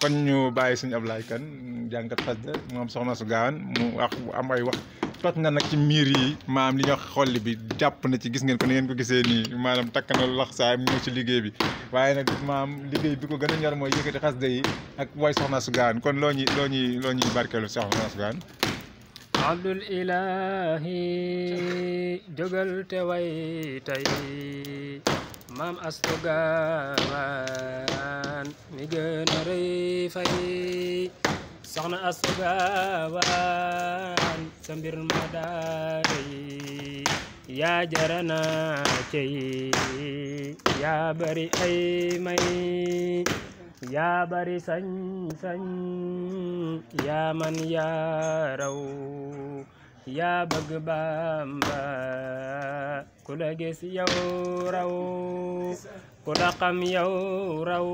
kon ñu bàyyi suñu Ablaye Kane jànkat xasida moom soxna su gaan mu wax am ay wax toog na nag ci miir yi maam li ñuy wax xolli bi jàpp na ci gis ngeen ko ni ngeen ko gisee nii maanaam takk na lax saay ñëw ci liggéey bi waaye nag maam liggéey bi ko gën a ñor mooy yëkkati xasida yi ak way soxna su gaan kon loo ñuy loo ñuy loo ñuy barkeelu soxna su gaan abdul ilahi jogal te way tay mam li gën a rëy fay jarana cey yaa bari ay may bari sañ-sañ man yaa raw yaa bëgg gis yow raw ku la xam raw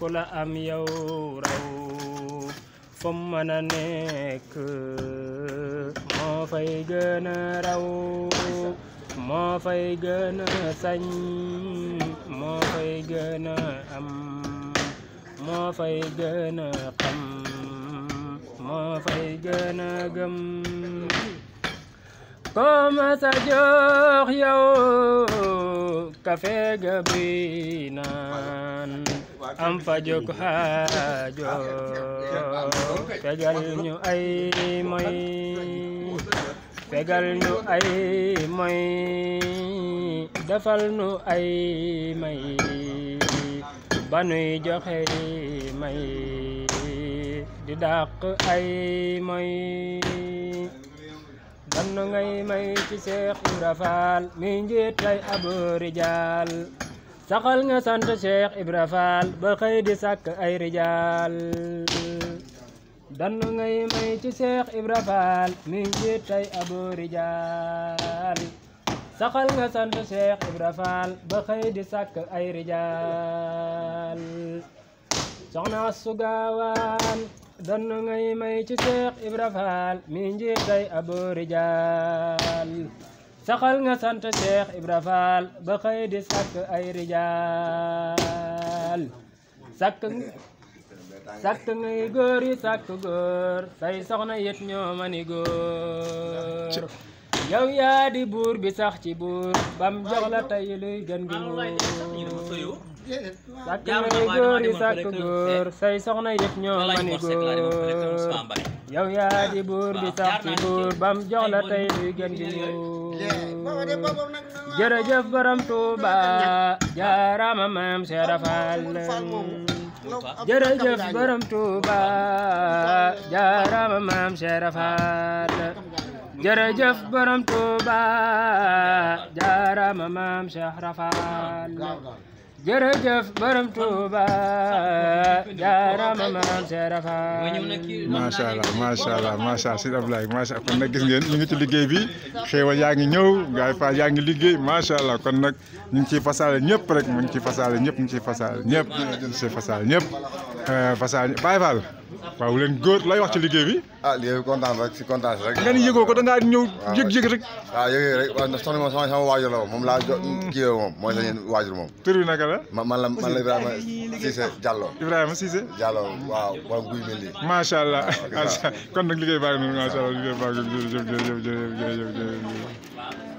ku la am yow raw fu mu nekk moo fay gën raw moo fay gën sañ moo fay gën am moo fay gën a xam fay gën a gëm kooma sa jox yow kafe ga bi am fajug xaajo fegal ñu ay moy fegal ñu ay moy defal ñu ay may ba nuy joxe may di dàq ay moy ban ngay may ci Seex Ibra Faal mi njiit lay abu rijaal saxal nga sant Cheikh Ibra Fall ba xëy di sàkk ay rijaal danu ngay may ci Cheikh mi njiit tey abo rijaal saxal nga di sàkk ay rijaal soxna su gaawaan danu ngay may ci Cheikh Ibra Fall mi njiit tey abo rijaal saxal nga sant Cheikh Ibra ba xëy di sàkk ay rijaal sàkk sàkk ngay góor yi sàkk góor say soxna yët ñoo ma ni góor yow yaa di buur bi sax ci buur bam jox la tey luy gën gi muur sàkk ngay góor yi sàkk góor eh. say soxna yët ñoo ni yow di eh. bi sax ci bam jox la tey gën jërëjëf borom Touba jaaraama maam Cheikh Fall jërëjëf borom Touba jaaraama maam Cheikh Fall jërëjëf borom Touba jërëjëf borom Touba jaarama maam Serap macha allah macha allah macha allah sëñ kon nag gis ngeen ñu ngi ci liggéey bi xéewal yaa ngi ñëw gaay fa yaa ngi liggéey macha allah kon nag ñu ngi ciy fasaale ñëpp rek ñu ngi ciy fasaale ñëpp ñu ciy fasaale ñëpp ñu ngi ciy fasaale ñëpp fasaale euh, waaw leen góor lay wax ci liggéey bi. ah liggéey bi kontaan rek si kontaan rek. nga ni yëgoo ko da ngaa ñëw yëg-yëg rek. waaw yëg rek waaw ndax soxna moom sama sama waajur la moom laa jo kii moom mooy sañeen waajur moom. tur bi naka la. man man la man la Ibrahima Cissé Diallo. Ibrahima Cissé. Diallo waaw waaw guy mel nii. macha allah kon nag liggéey baa ngi noonu macha allah liggéey baa ngi noonu jërëjëf jërëjëf jërëjëf jërëjëf